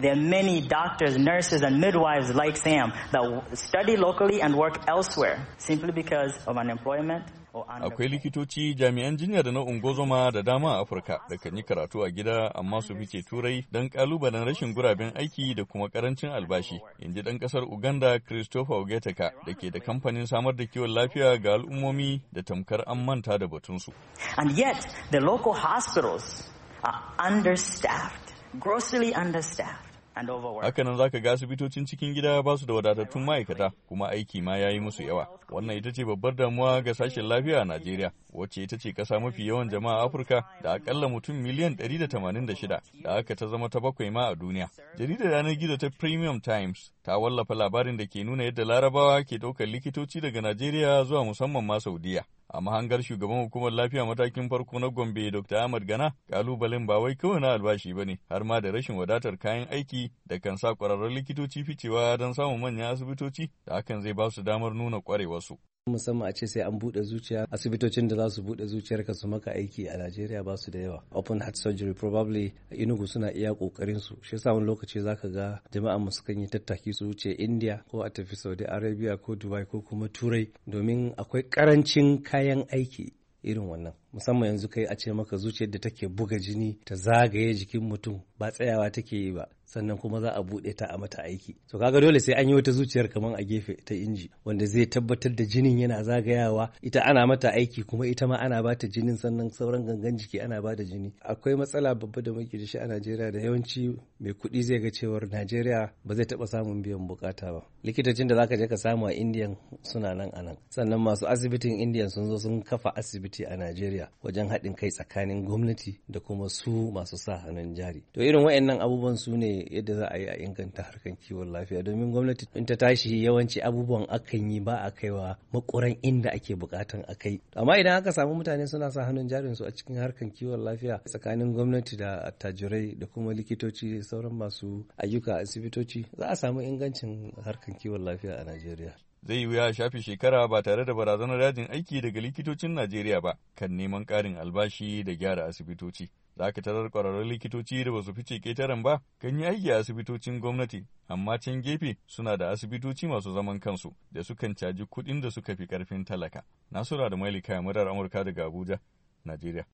There are many doctors, nurses, and midwives like Sam that study locally and work elsewhere simply because of unemployment Akwai likitoci jami'an jinya da na ungozoma da dama a Afirka da kan yi karatu a gida amma su fice turai don kalubalen rashin guraben aiki da kuma karancin albashi. In ji ɗan ƙasar Uganda Christopher Ogeteka da ke da kamfanin samar da kiwon lafiya ga al'ummomi da tamkar an manta da batunsu. And yet the local hospitals are understaffed. grossly understaffed. Hakanan za ka ga asibitocin cikin gida ba su da wadatattun ma'aikata kuma aiki ma ya yi musu yawa. Wannan ita ce babbar damuwa ga sashen lafiya a Najeriya, wacce ita ce ƙasa mafi yawan jama'a a Afirka da akalla mutum miliyan 186 da aka ta zama ta bakwai ma a duniya. Jaridar yanar gizo ta Premium Times ta wallafa labarin da ke nuna yadda Larabawa ke ɗaukar likitoci daga Najeriya zuwa musamman ma Saudiya. a mahangar shugaban hukumar lafiya matakin farko na gombe dr ahmad gana kalubalen ba wai kawai na albashi ba ne har ma da rashin wadatar kayan aiki da kan sa kwararrun likitoci ficewa don samun manyan asibitoci da hakan zai ba su damar nuna kwarewarsu musamman a ce sai an bude zuciya asibitocin da za su bude zuciyar ka su maka aiki a Najeriya ba su da yawa open heart surgery probably Enugu suna iya kokarin su shi yasa wani lokaci zaka ga jama'an mu sukan yi tattaki su wuce India ko a tafi Saudi Arabia ko Dubai ko kuma Turai domin akwai karancin kayan aiki irin wannan musamman yanzu kai a ce maka zuciyar da take buga jini ta zagaye jikin mutum ba tsayawa take yi ba sannan kuma za a buɗe ta a mata aiki to kaga dole sai an yi wata zuciyar kaman a gefe ta inji wanda zai tabbatar da jinin yana zagayawa ita ana mata aiki kuma ita ma ana bata jinin sannan sauran gangan jiki ana bada jini akwai matsala babba da muke da shi a Najeriya da yawanci mai kuɗi zai ga cewar Najeriya ba zai taɓa samun biyan bukata ba likitocin da zaka je ka samu a Indiyan suna nan anan sannan masu asibitin Indiyan sun zo sun kafa asibiti a Najeriya wajen haɗin kai tsakanin gwamnati da kuma su masu sa hannun jari. To irin waɗannan abubuwan su ne yadda za a yi a inganta harkar kiwon lafiya domin gwamnati in ta tashi yawanci abubuwan akan yi ba a kaiwa makuran inda ake bukatan a kai. Amma idan aka samu mutane suna sa hannun jarin su a cikin harkar kiwon lafiya tsakanin gwamnati da attajirai da kuma likitoci sauran masu ayyuka asibitoci za a samu ingancin harkar kiwon lafiya a Najeriya. zai yi wuya shafi shekara ba tare da barazanar yajin aiki daga likitocin Najeriya ba kan neman ƙarin albashi da gyara asibitoci. Za ka tarar ƙwararrun likitoci da ba su fice ƙetaren ba kan yi aiki a asibitocin gwamnati, amma can gefe suna da asibitoci masu zaman kansu da sukan caji kuɗin da suka fi ƙarfin talaka. Nasura da kaya Murar Amurka daga Abuja, Najeriya.